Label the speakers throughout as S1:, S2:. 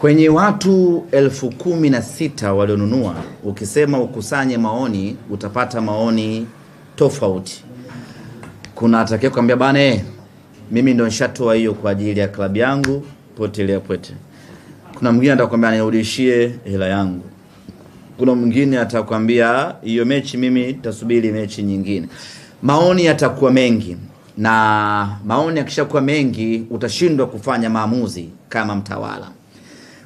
S1: Kwenye watu elfu kumi na sita walionunua, ukisema ukusanye maoni utapata maoni tofauti. Kuna atakaye kuambia bana, eh, mimi ndo nishatoa hiyo kwa ajili ya klabu yangu pote ile pote. Kuna mwingine atakwambia nirudishie hela yangu. Kuna mwingine atakwambia hiyo mechi mimi tasubiri mechi nyingine. Maoni yatakuwa mengi, na maoni yakishakuwa mengi utashindwa kufanya maamuzi kama mtawala.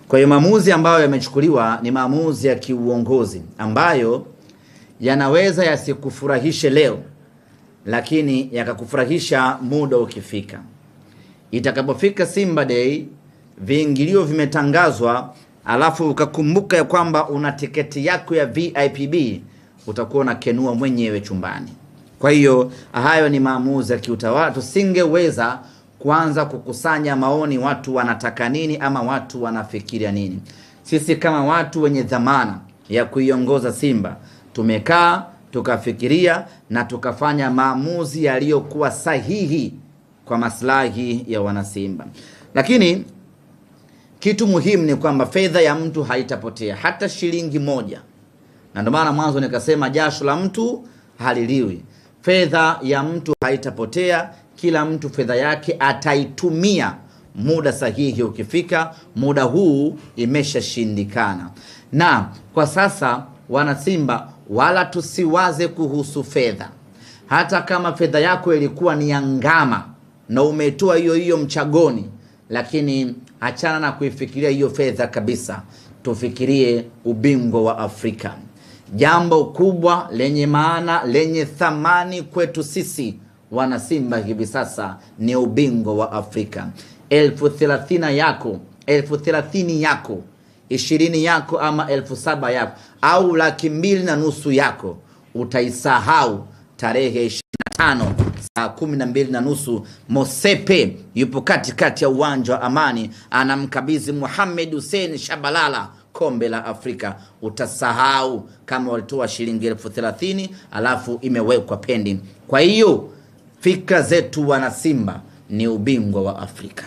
S1: Kwa hiyo maamuzi ambayo yamechukuliwa ni maamuzi ya kiuongozi ambayo yanaweza yasikufurahishe leo, lakini yakakufurahisha muda ukifika. Itakapofika Simba Day, viingilio vimetangazwa, alafu ukakumbuka ya kwamba una tiketi yako ya VIPB, utakuwa unakenua mwenyewe chumbani. Kwa hiyo hayo ni maamuzi ya kiutawala, tusingeweza kuanza kukusanya maoni, watu wanataka nini ama watu wanafikiria nini. Sisi kama watu wenye dhamana ya kuiongoza Simba tumekaa tukafikiria na tukafanya maamuzi yaliyokuwa sahihi kwa maslahi ya wanasimba. Lakini kitu muhimu ni kwamba fedha ya mtu haitapotea hata shilingi moja, na ndio maana mwanzo nikasema jasho la mtu haliliwi. Fedha ya mtu haitapotea, kila mtu fedha yake ataitumia muda sahihi ukifika. Muda huu imeshashindikana, na kwa sasa wanasimba, wala tusiwaze kuhusu fedha. Hata kama fedha yako ilikuwa ni ya ngama na umetoa hiyo hiyo mchagoni, lakini achana na kuifikiria hiyo fedha kabisa, tufikirie ubingwa wa Afrika jambo kubwa lenye maana lenye thamani kwetu sisi wana Simba hivi sasa ni ubingwa wa Afrika. elfu thelathini yako, elfu thelathini yako, ishirini yako, ama elfu saba yako au laki mbili na nusu yako utaisahau tarehe 25 saa kumi na mbili na nusu Mosepe yupo katikati ya uwanja wa Amani, anamkabidhi Muhamed Hussein Shabalala kombe la Afrika, utasahau kama walitoa shilingi elfu thelathini alafu imewekwa pending. Kwa hiyo fikra zetu, wana Simba, ni ubingwa wa Afrika.